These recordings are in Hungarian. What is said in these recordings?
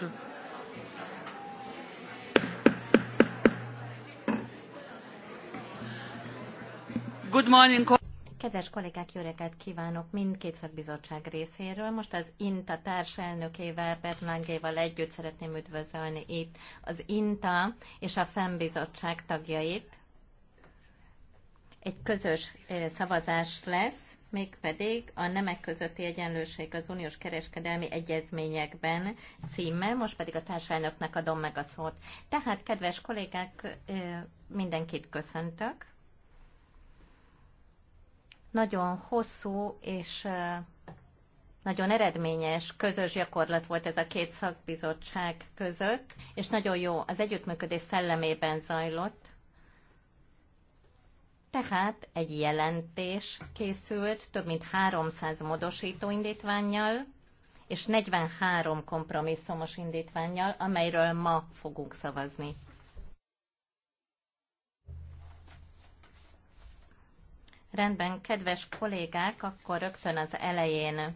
vote. Good morning. Kedves kollégák, jó reggelt kívánok mindkét szakbizottság részéről. Most az INTA társelnökével, Bernángéval együtt szeretném üdvözölni itt az INTA és a FEM bizottság tagjait. Egy közös eh, szavazás lesz mégpedig a nemek közötti egyenlőség az uniós kereskedelmi egyezményekben címmel, most pedig a társadalmaknak adom meg a szót. Tehát, kedves kollégák, mindenkit köszöntök. Nagyon hosszú és nagyon eredményes, közös gyakorlat volt ez a két szakbizottság között, és nagyon jó, az együttműködés szellemében zajlott tehát egy jelentés készült több mint 300 módosító indítványjal, és 43 kompromisszumos indítványjal, amelyről ma fogunk szavazni. Rendben, kedves kollégák, akkor rögtön az elején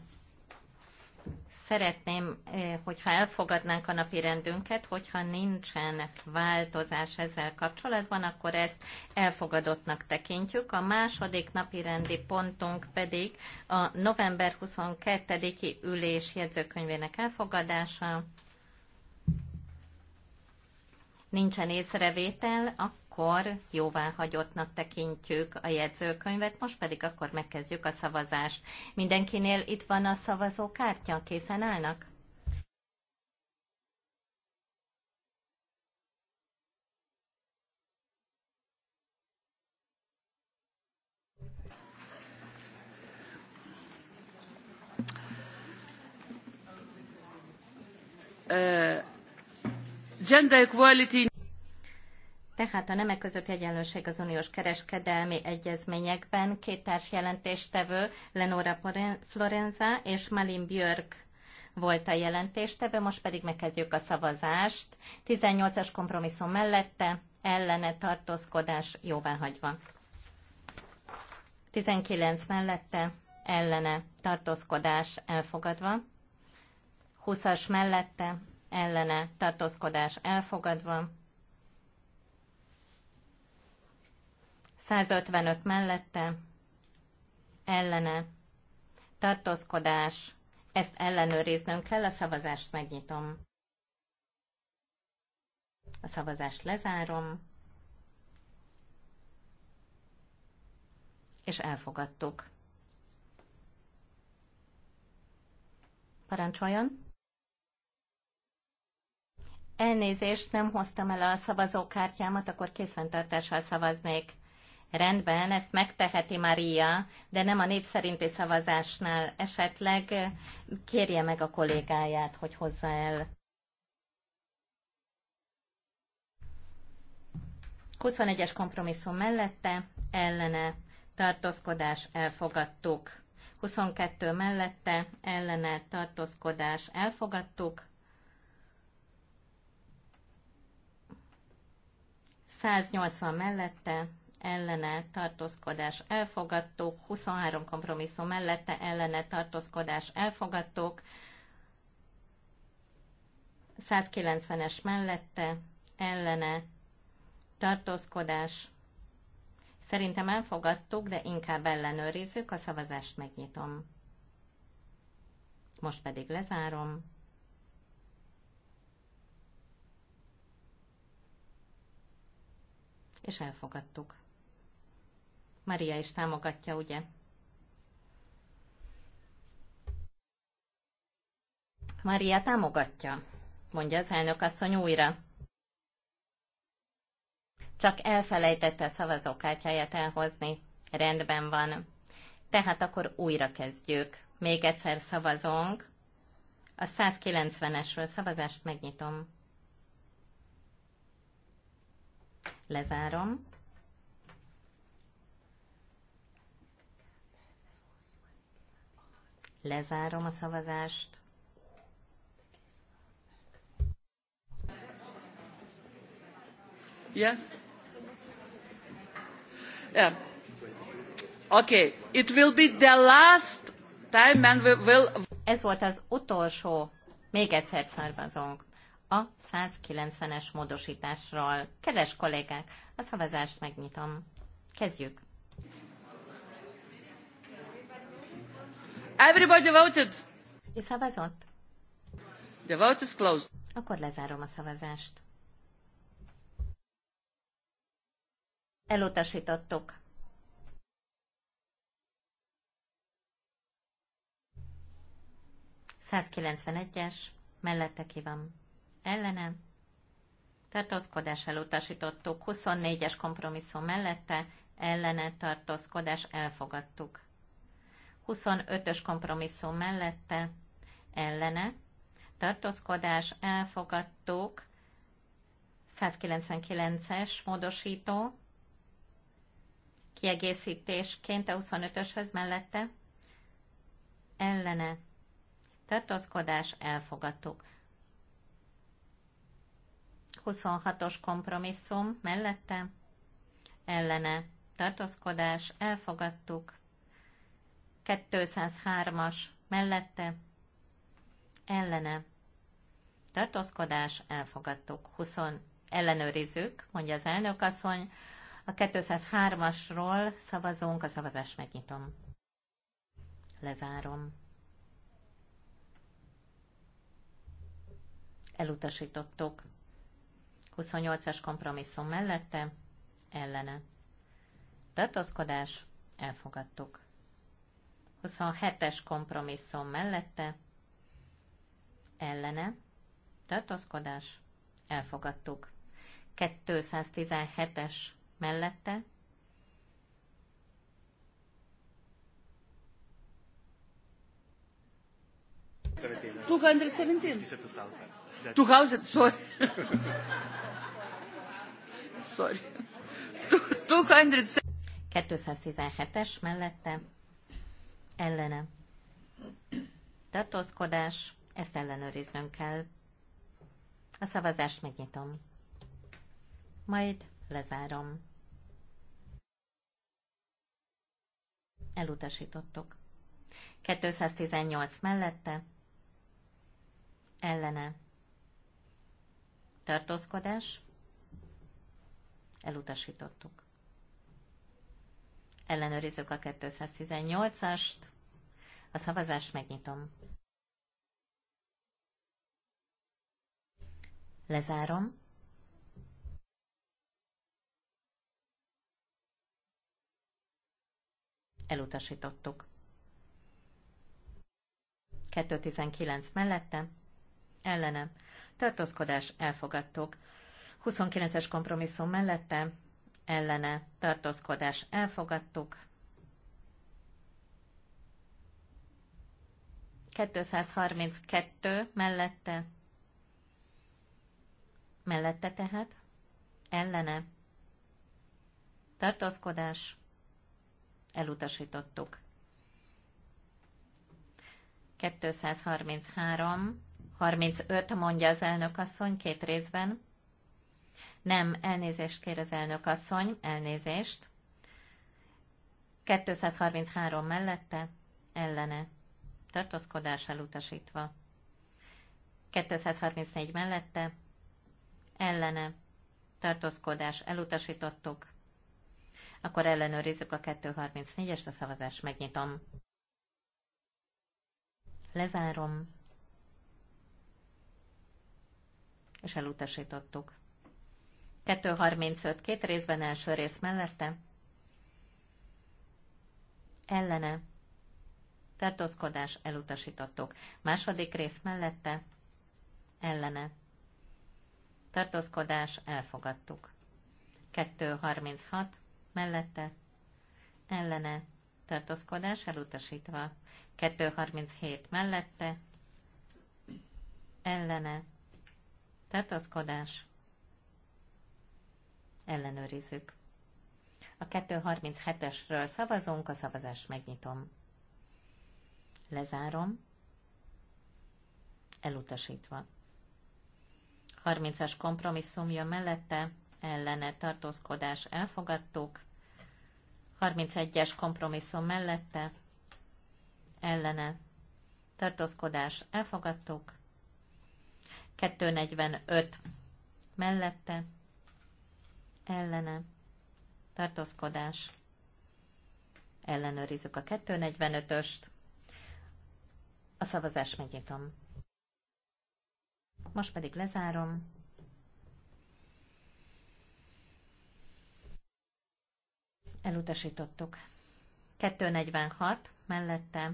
Szeretném, eh, hogyha elfogadnánk a napi rendünket, hogyha nincsen változás ezzel kapcsolatban, akkor ezt elfogadottnak tekintjük. A második napi rendi pontunk pedig a november 22-i ülés jegyzőkönyvének elfogadása. Nincsen észrevétel, akkor akkor hagyottnak tekintjük a jegyzőkönyvet, most pedig akkor megkezdjük a szavazást. Mindenkinél itt van a szavazókártya, készen állnak? gender equality tehát a nemek között egyenlőség az uniós kereskedelmi egyezményekben két társ jelentéstevő, Lenora Florenza és Malin Björk volt a jelentéstevő, most pedig megkezdjük a szavazást. 18-as kompromisszum mellette, ellene tartózkodás jóváhagyva. 19 mellette, ellene tartózkodás elfogadva. 20-as mellette, ellene tartózkodás elfogadva. 155 mellette, ellene, tartózkodás, ezt ellenőriznünk kell, a szavazást megnyitom. A szavazást lezárom, és elfogadtuk. Parancsoljon! Elnézést, nem hoztam el a szavazókártyámat, akkor készfenntartással szavaznék. Rendben, ezt megteheti Maria, de nem a népszerinti szavazásnál. Esetleg kérje meg a kollégáját, hogy hozza el. 21-es kompromisszum mellette, ellene, tartózkodás, elfogadtuk. 22 mellette, ellene, tartózkodás, elfogadtuk. 180 mellette, ellene tartózkodás elfogadtuk, 23 kompromisszum mellette ellene tartózkodás elfogadtuk, 190-es mellette ellene tartózkodás. Szerintem elfogadtuk, de inkább ellenőrizzük, a szavazást megnyitom. Most pedig lezárom. és elfogadtuk. Maria is támogatja, ugye? Maria támogatja, mondja az elnök asszony újra. Csak elfelejtette a szavazókártyáját elhozni. Rendben van. Tehát akkor újra kezdjük. Még egyszer szavazunk. A 190-esről szavazást megnyitom. Lezárom. Lezárom a szavazást. Yes? Yeah. Okay, it will be the last time and we will... Ez volt az utolsó, még egyszer szarvazunk, a 190-es módosításról. Kedves kollégák, a szavazást megnyitom. Kezdjük! Everybody voted. Ki szavazott? The vote is closed. Akkor lezárom a szavazást. Elutasítottuk. es mellette ki van. Ellene. Tartózkodás elutasítottuk. 24-es kompromisszum mellette, ellene tartózkodás elfogadtuk. 25-ös kompromisszum mellette ellene tartózkodás elfogadtuk, 199-es módosító, kiegészítésként a 25-öshöz mellette ellene tartózkodás elfogadtuk. 26-os kompromisszum mellette ellene tartózkodás elfogadtuk. 203-as mellette ellene tartózkodás elfogadtuk. 20 ellenőrizzük, mondja az elnök asszony. A 203-asról szavazunk, a szavazást megnyitom. Lezárom. Elutasítottuk. 28-as kompromisszum mellette, ellene. Tartózkodás, elfogadtuk. 27-es kompromisszum mellette ellene tartózkodás elfogadtuk. 217-es mellette Two hundred seventeen. Two thousand. Sorry. sorry. Two hundred. 217-es mellette ellene. Tartózkodás, ezt ellenőriznünk kell. A szavazást megnyitom. Majd lezárom. Elutasítottok. 218 mellette, ellene. Tartózkodás, elutasítottuk. Ellenőrizzük a 218-ast. A szavazást megnyitom. Lezárom. Elutasítottuk. 219 mellette, ellene, tartózkodás elfogadtuk. 29-es kompromisszum mellette, ellene tartózkodás elfogadtuk. 232 mellette, mellette tehát, ellene tartózkodás elutasítottuk. 233, 35 mondja az elnök asszony két részben. Nem, elnézést kér az elnök asszony, elnézést. 233 mellette, ellene, tartózkodás elutasítva. 234 mellette, ellene, tartózkodás elutasítottuk. Akkor ellenőrizzük a 234-est, a szavazást megnyitom. Lezárom, és elutasítottuk. 235 két részben első rész mellette. Ellene. Tartózkodás elutasítottuk. Második rész mellette. Ellene. Tartózkodás elfogadtuk. 236 mellette. Ellene. Tartózkodás elutasítva. 237 mellette. Ellene. Tartózkodás ellenőrizzük. A 237-esről szavazunk, a szavazást megnyitom. Lezárom. Elutasítva. 30-as kompromisszum jön mellette, ellene tartózkodás elfogadtuk. 31-es kompromisszum mellette, ellene tartózkodás elfogadtuk. 245 mellette, ellene, tartózkodás, ellenőrizzük a 245-öst, a szavazást megnyitom. Most pedig lezárom. Elutasítottuk. 246 mellette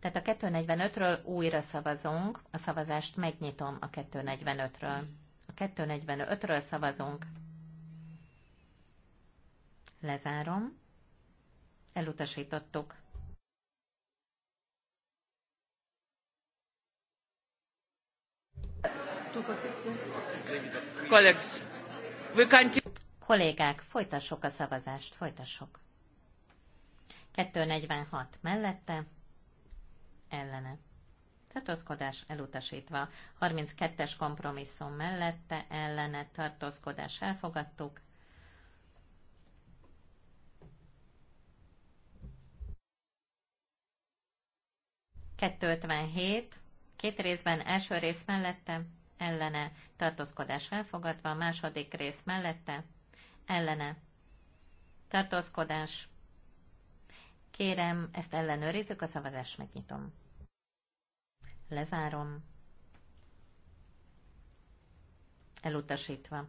Tehát a 245-ről újra szavazunk, a szavazást megnyitom a 245-ről. A 245-ről szavazunk. Lezárom. Elutasítottuk. Kollégák, folytassuk a szavazást, folytassuk. 246 mellette, ellene. Tartózkodás elutasítva. 32-es kompromisszum mellette ellene tartózkodás elfogadtuk. Kettőtvenhét, két részben első rész mellette, ellene, tartózkodás elfogadva, második rész mellette, ellene, tartózkodás Kérem, ezt ellenőrizzük, a szavazást megnyitom. Lezárom. Elutasítva.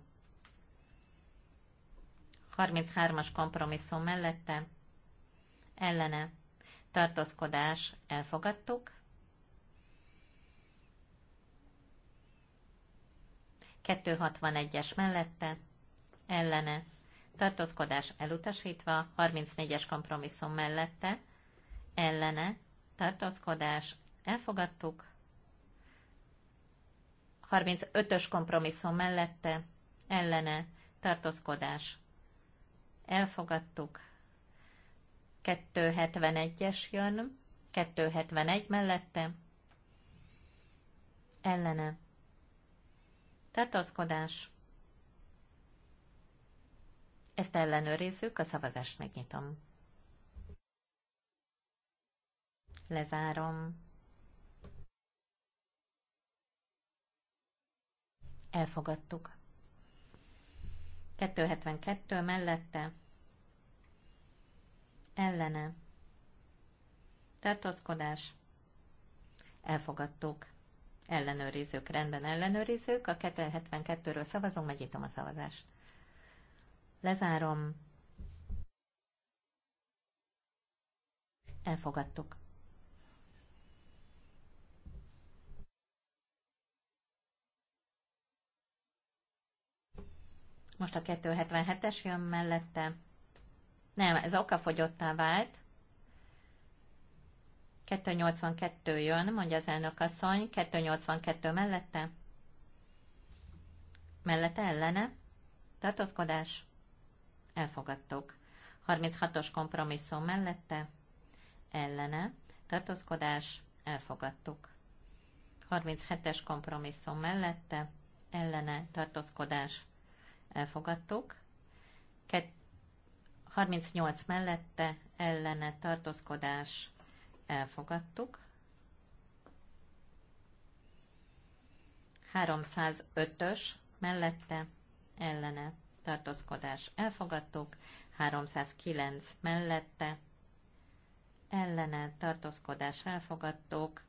33-as kompromisszum mellette, ellene, tartózkodás, elfogadtuk. es mellette, ellene, tartózkodás elutasítva, 34-es kompromisszum mellette, ellene, tartózkodás, elfogadtuk, 35-ös kompromisszum mellette, ellene, tartózkodás, elfogadtuk, 271-es jön, 271 mellette, ellene, tartózkodás, ezt ellenőrizzük, a szavazást megnyitom. Lezárom. Elfogadtuk. 272 mellette. Ellene. Tartózkodás. Elfogadtuk. Ellenőrizzük, rendben ellenőrizzük. A 272-ről szavazunk, megnyitom a szavazást. Lezárom. Elfogadtuk. Most a 277-es jön mellette. Nem, ez okafogyottá vált. 282 jön, mondja az elnök asszony. 282 mellette. Mellette ellene. Tartózkodás elfogadtuk. 36-os kompromisszum mellette, ellene, tartózkodás, elfogadtuk. 37-es kompromisszum mellette, ellene, tartózkodás, elfogadtuk. 38 mellette, ellene, tartózkodás, elfogadtuk. 305-ös mellette, ellene, tartózkodás elfogadtuk, 309 mellette, ellene tartózkodás elfogadtuk,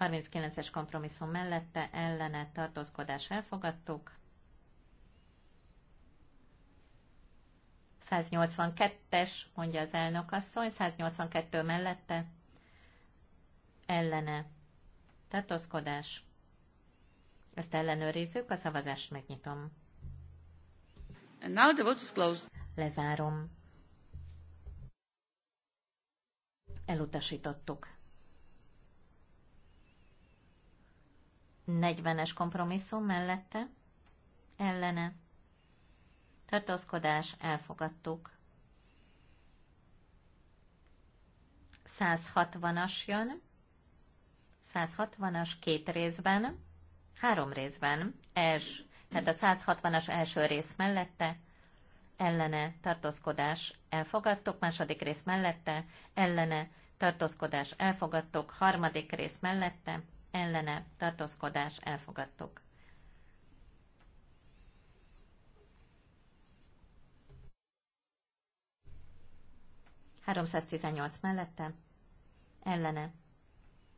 39-es kompromisszum mellette, ellene tartózkodás elfogadtuk, 182-es, mondja az elnök asszony, 182 mellette, ellene tartózkodás. Ezt ellenőrizzük, a szavazást megnyitom. And now the vote is closed. Lezárom. Elutasítottuk. 40-es kompromisszum mellette, ellene, tartózkodás, elfogadtuk. 160-as jön, 160-as két részben, három részben, Ez. Tehát a 160-as első rész mellette ellene tartózkodás elfogadtok, második rész mellette ellene tartózkodás elfogadtok, harmadik rész mellette ellene tartózkodás elfogadtok. Háromszáztizennyolc mellette ellene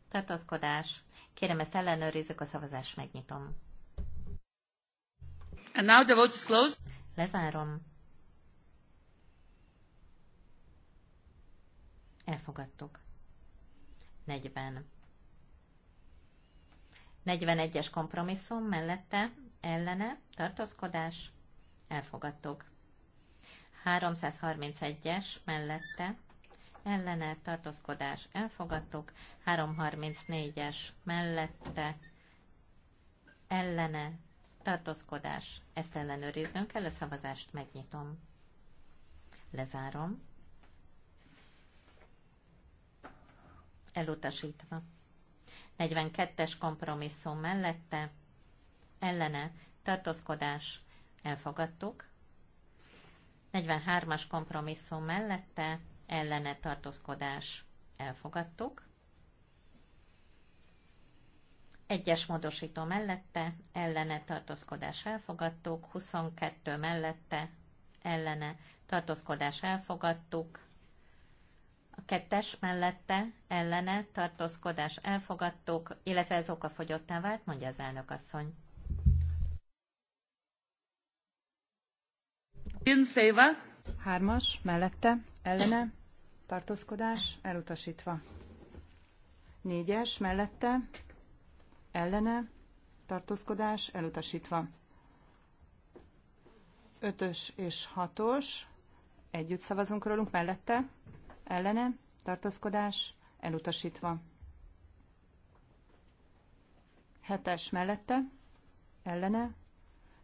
tartózkodás. Kérem, ezt ellenőrizzük, a szavazást megnyitom. And now the vote is closed. Lezárom. Elfogadtuk. 40. 41-es kompromisszum mellette ellene tartózkodás. Elfogadtuk. 331-es mellette ellene tartózkodás. Elfogadtuk. 334-es mellette ellene tartózkodás. Ezt ellenőriznünk kell, a szavazást megnyitom. Lezárom. Elutasítva. 42-es kompromisszum mellette, ellene, tartózkodás, elfogadtuk. 43-as kompromisszum mellette, ellene tartózkodás, elfogadtuk. Egyes módosító mellette, ellene tartózkodás elfogadtuk, 22 mellette, ellene tartózkodás elfogadtuk, a kettes mellette, ellene tartózkodás elfogadtuk, illetve ez fogyottá vált, mondja az elnök asszony. In favor. Hármas, mellette, ellene, tartózkodás, elutasítva. Négyes, mellette, ellene, tartózkodás elutasítva. 5 és 6 együtt szavazunk rólunk, mellette, ellene, tartózkodás elutasítva. 7 mellette, ellene,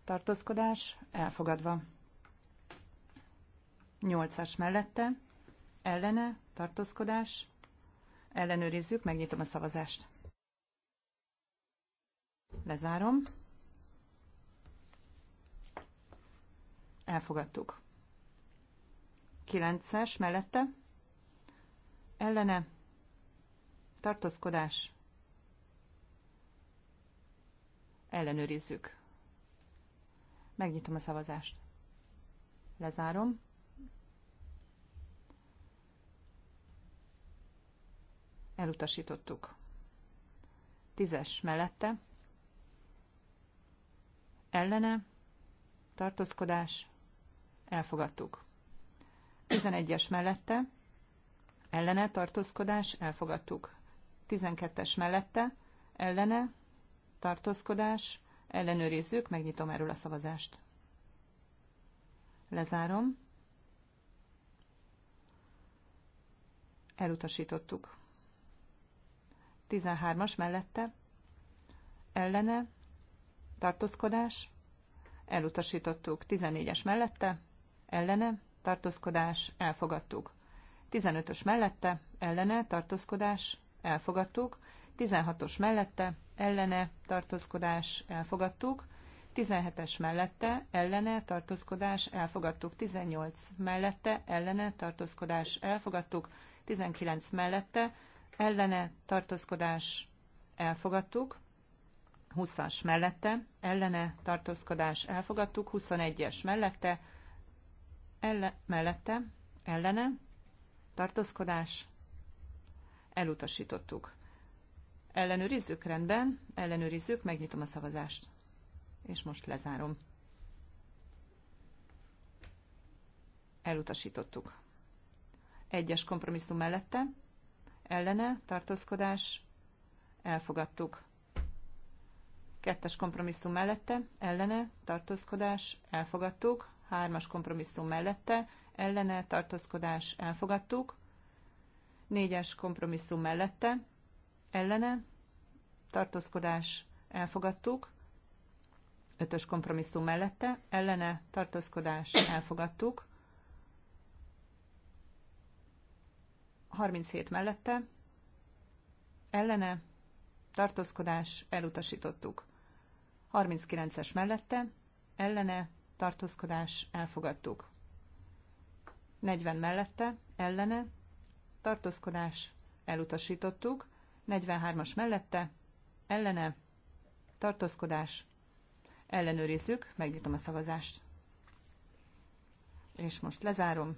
tartózkodás elfogadva. 8 mellette, ellene, tartózkodás, ellenőrizzük, megnyitom a szavazást lezárom. Elfogadtuk. 9-es mellette, ellene, tartózkodás, ellenőrizzük. Megnyitom a szavazást. Lezárom. Elutasítottuk. Tízes mellette, ellene, tartózkodás, elfogadtuk. 11-es mellette, ellene, tartózkodás, elfogadtuk. 12-es mellette, ellene, tartózkodás, ellenőrizzük, megnyitom erről a szavazást. Lezárom. Elutasítottuk. 13-as mellette, ellene, tartózkodás, elutasítottuk 14-es mellette, ellene, tartózkodás, elfogadtuk. 15-ös mellette, ellene, tartózkodás, elfogadtuk. 16-os mellette, ellene, tartózkodás, elfogadtuk. 17-es mellette, ellene, tartózkodás, elfogadtuk. 18 mellette, ellene, tartózkodás, elfogadtuk. 19 mellette, ellene, tartózkodás, elfogadtuk. 20-as mellette, ellene tartózkodás elfogadtuk, 21-es mellette, elle, mellette, ellene tartózkodás elutasítottuk. Ellenőrizzük rendben, ellenőrizzük, megnyitom a szavazást. És most lezárom. Elutasítottuk. Egyes kompromisszum mellette, ellene tartózkodás elfogadtuk. Kettes kompromisszum mellette, ellene, tartózkodás, elfogadtuk. Hármas kompromisszum mellette, ellene, tartózkodás, elfogadtuk. Négyes kompromisszum mellette, ellene, tartózkodás, elfogadtuk. Ötös kompromisszum mellette, ellene, tartózkodás, elfogadtuk. 37 mellette, ellene, tartózkodás, elutasítottuk. 39-es mellette, ellene, tartózkodás, elfogadtuk. 40 mellette, ellene, tartózkodás, elutasítottuk. 43-as mellette, ellene, tartózkodás, ellenőrizzük, megnyitom a szavazást. És most lezárom.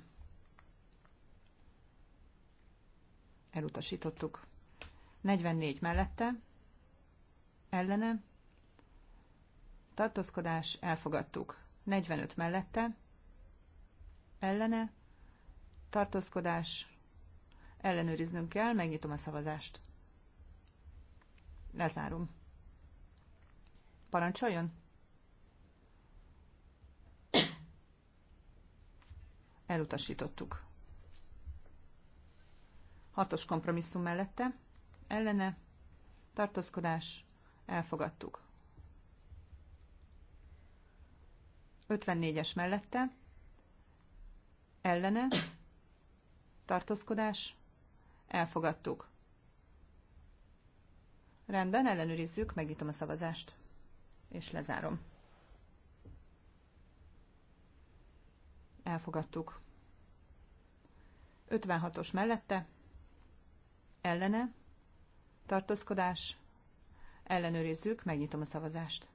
Elutasítottuk. 44 mellette, ellene, tartózkodás, elfogadtuk. 45 mellette, ellene, tartózkodás, ellenőriznünk kell, megnyitom a szavazást. Lezárom. Parancsoljon! Elutasítottuk. Hatos kompromisszum mellette, ellene, tartózkodás, elfogadtuk. 54-es mellette, ellene, tartózkodás, elfogadtuk. Rendben, ellenőrizzük, megnyitom a szavazást, és lezárom. Elfogadtuk. 56-os mellette, ellene, tartózkodás, ellenőrizzük, megnyitom a szavazást.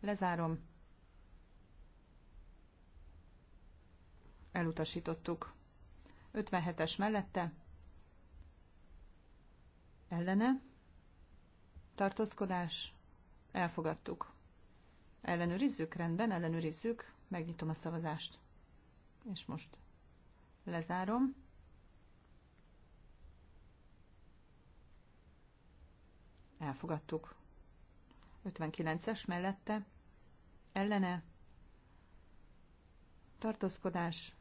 Lezárom. elutasítottuk. 57-es mellette, ellene, tartózkodás, elfogadtuk. Ellenőrizzük, rendben, ellenőrizzük, megnyitom a szavazást. És most lezárom. Elfogadtuk. 59-es mellette, ellene, tartózkodás,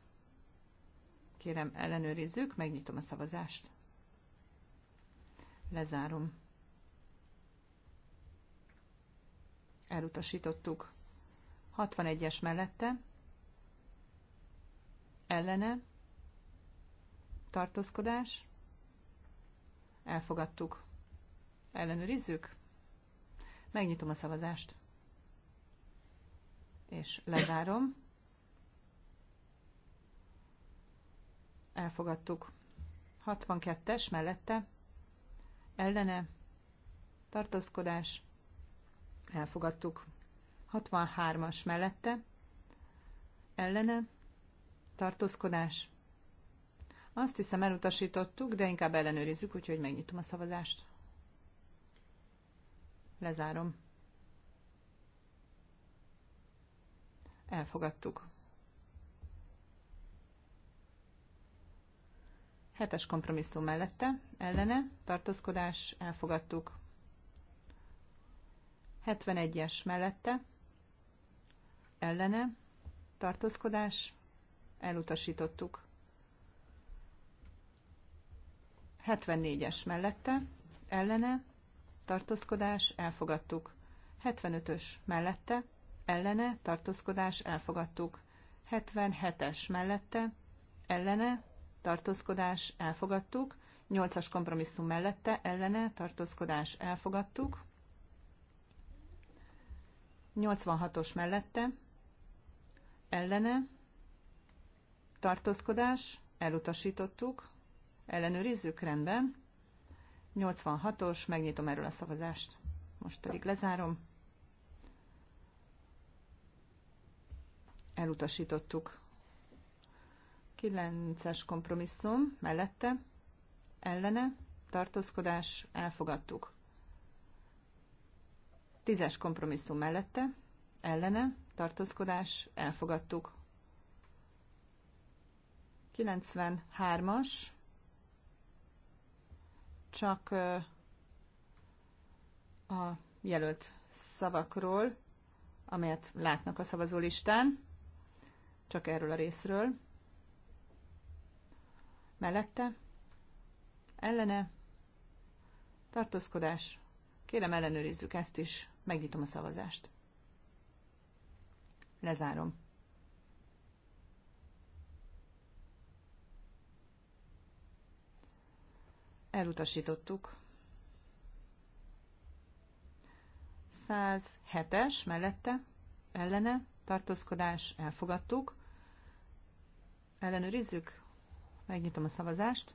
Kérem, ellenőrizzük, megnyitom a szavazást. Lezárom. Elutasítottuk. 61-es mellette. Ellene. Tartózkodás. Elfogadtuk. Ellenőrizzük. Megnyitom a szavazást. És lezárom. elfogadtuk. 62-es mellette ellene tartózkodás elfogadtuk. 63-as mellette ellene tartózkodás. Azt hiszem elutasítottuk, de inkább ellenőrizzük, úgyhogy megnyitom a szavazást. Lezárom. Elfogadtuk. Hetes kompromisszum mellette, ellene, tartózkodás, elfogadtuk. 71-es mellette, ellene, tartózkodás, elutasítottuk. 74-es mellette, ellene, tartózkodás, elfogadtuk. 75-ös mellette, ellene, tartózkodás, elfogadtuk. 77-es mellette, ellene, tartózkodás elfogadtuk, 8-as kompromisszum mellette ellene tartózkodás elfogadtuk, 86-os mellette ellene tartózkodás elutasítottuk, ellenőrizzük rendben, 86-os, megnyitom erről a szavazást, most pedig lezárom. Elutasítottuk. 9-es kompromisszum mellette, ellene, tartózkodás, elfogadtuk. 10-es kompromisszum mellette, ellene, tartózkodás, elfogadtuk. 93-as, csak a jelölt szavakról, amelyet látnak a szavazólistán, csak erről a részről mellette, ellene, tartózkodás, kérem ellenőrizzük ezt is, megnyitom a szavazást. Lezárom. Elutasítottuk. 107-es mellette, ellene, tartózkodás, elfogadtuk. Ellenőrizzük. Megnyitom a szavazást.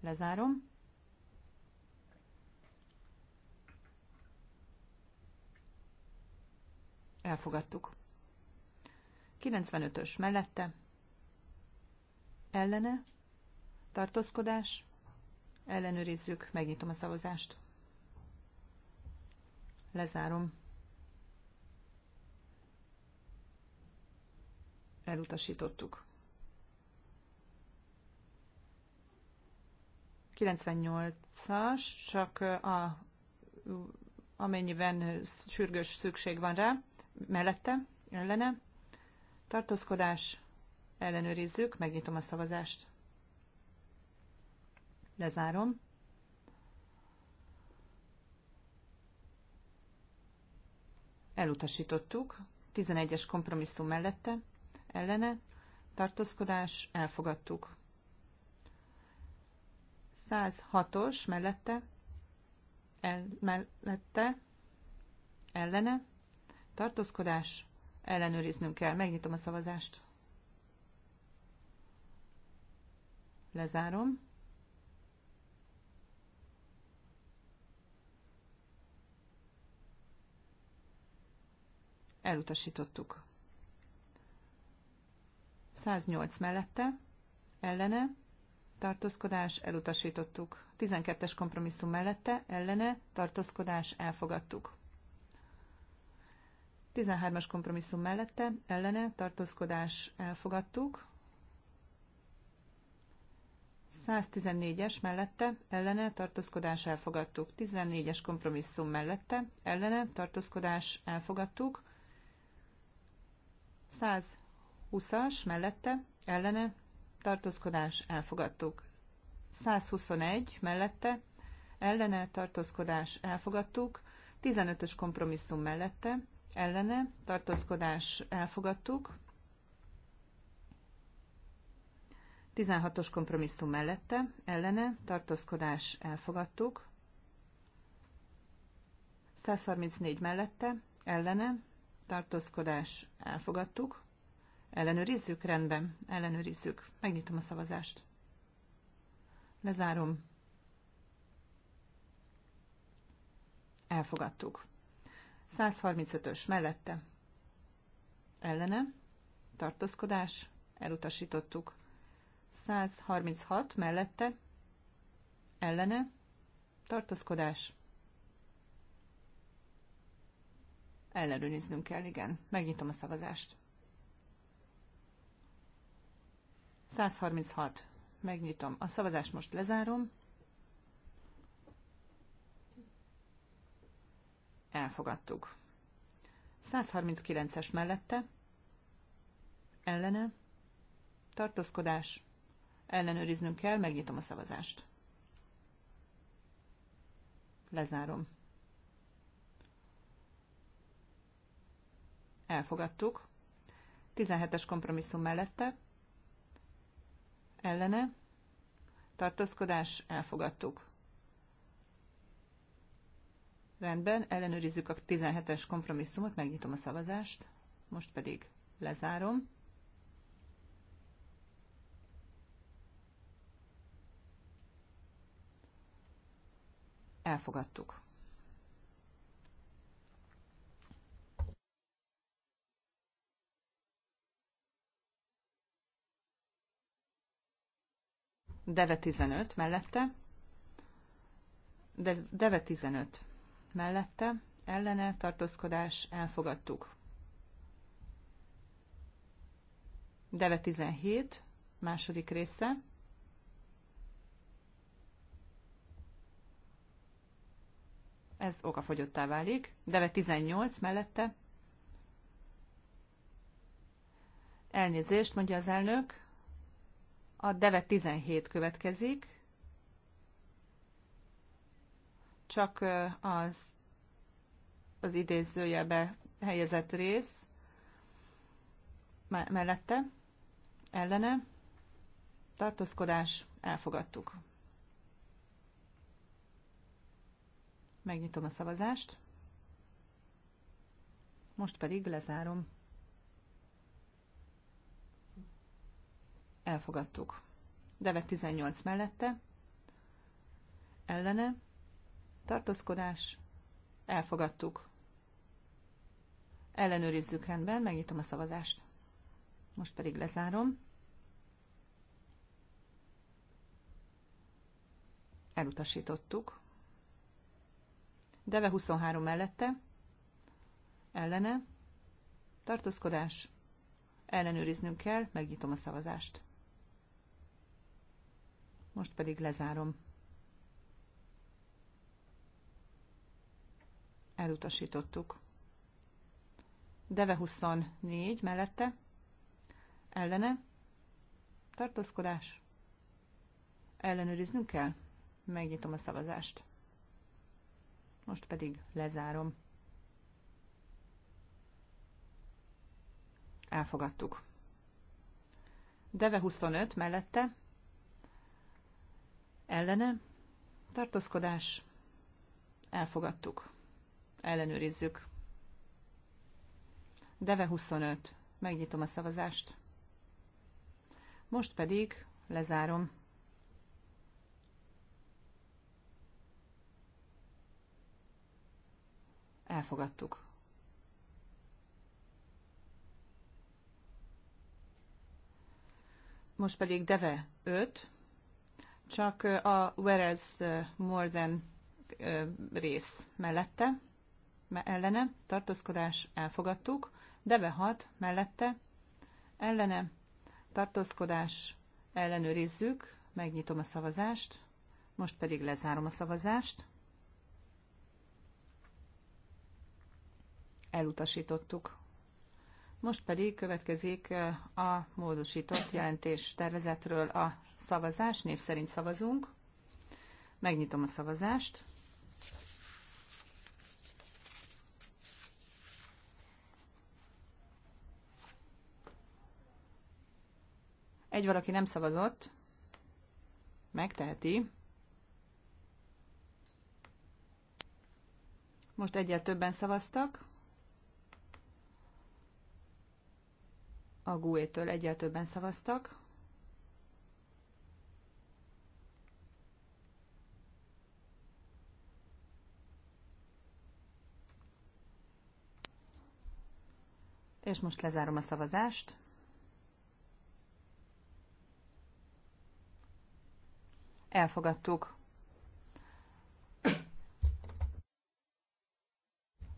Lezárom. Elfogadtuk. 95-ös mellette. Ellene. Tartózkodás. Ellenőrizzük. Megnyitom a szavazást. Lezárom. Elutasítottuk. 98-as, csak a, amennyiben sürgős szükség van rá, mellette, ellene. Tartózkodás, ellenőrizzük, megnyitom a szavazást. Lezárom. Elutasítottuk. 11-es kompromisszum mellette, ellene. Tartózkodás, elfogadtuk. 106-os mellette, el, mellette, ellene, tartózkodás, ellenőriznünk kell. Megnyitom a szavazást. Lezárom. Elutasítottuk. 108 mellette, ellene, tartózkodás, elutasítottuk. 12-es kompromisszum mellette, ellene, tartózkodás, elfogadtuk. 13-as kompromisszum mellette, ellene, tartózkodás, elfogadtuk. 114-es mellette, ellene, tartózkodás, elfogadtuk. 14-es kompromisszum mellette, ellene, tartózkodás, elfogadtuk. 120-as mellette, ellene, tartózkodás elfogadtuk. 121 mellette, ellene tartózkodás elfogadtuk. 15-ös kompromisszum mellette, ellene tartózkodás elfogadtuk. 16-os kompromisszum mellette, ellene tartózkodás elfogadtuk. 134 mellette, ellene tartózkodás elfogadtuk. Ellenőrizzük? Rendben, ellenőrizzük. Megnyitom a szavazást. Lezárom. Elfogadtuk. 135-ös mellette. Ellene. Tartózkodás. Elutasítottuk. 136 mellette. Ellene. Tartózkodás. Ellenőriznünk kell, igen. Megnyitom a szavazást. 136. Megnyitom. A szavazást most lezárom. Elfogadtuk. 139-es mellette. Ellene. Tartózkodás. Ellenőriznünk kell, megnyitom a szavazást. Lezárom. Elfogadtuk. 17-es kompromisszum mellette ellene, tartózkodás, elfogadtuk. Rendben, ellenőrizzük a 17-es kompromisszumot, megnyitom a szavazást, most pedig lezárom. Elfogadtuk. Deve 15 mellette. De Deve 15 mellette. Ellene tartózkodás elfogadtuk. Deve 17 második része. Ez okafogyottá válik. Deve 18 mellette. Elnézést, mondja az elnök. A Deve 17 következik. Csak az, az idézőjelbe helyezett rész mellette, ellene, tartózkodás, elfogadtuk. Megnyitom a szavazást. Most pedig lezárom. elfogadtuk. Devet 18 mellette, ellene, tartózkodás, elfogadtuk. Ellenőrizzük rendben, megnyitom a szavazást. Most pedig lezárom. Elutasítottuk. Deve 23 mellette, ellene, tartózkodás, ellenőriznünk kell, megnyitom a szavazást. Most pedig lezárom. Elutasítottuk. Deve 24 mellette. Ellene. Tartózkodás. Ellenőriznünk kell. Megnyitom a szavazást. Most pedig lezárom. Elfogadtuk. Deve 25 mellette ellene, tartózkodás, elfogadtuk, ellenőrizzük. Deve 25, megnyitom a szavazást. Most pedig lezárom. Elfogadtuk. Most pedig Deve 5, csak a whereas more than rész mellette, ellene, tartózkodás elfogadtuk, de behat mellette, ellene, tartózkodás ellenőrizzük, megnyitom a szavazást, most pedig lezárom a szavazást. Elutasítottuk. Most pedig következik a módosított jelentés tervezetről a szavazás, név szerint szavazunk. Megnyitom a szavazást. Egy valaki nem szavazott, megteheti. Most egyel többen szavaztak. A GUE-től egyel többen szavaztak. És most lezárom a szavazást. Elfogadtuk.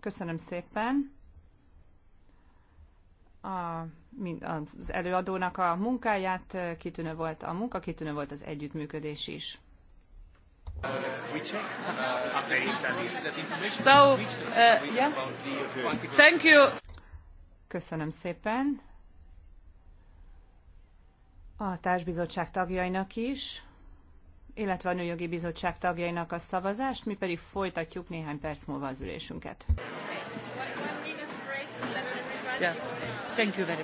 Köszönöm szépen a, az előadónak a munkáját, eh, kitűnő volt a munka, kitűnő volt az együttműködés is. Uh, so, uh, yeah. Thank you. Köszönöm szépen a társbizottság tagjainak is, illetve a Nőjogi Bizottság tagjainak a szavazást, mi pedig folytatjuk néhány perc múlva az ülésünket. Yeah. Thank you very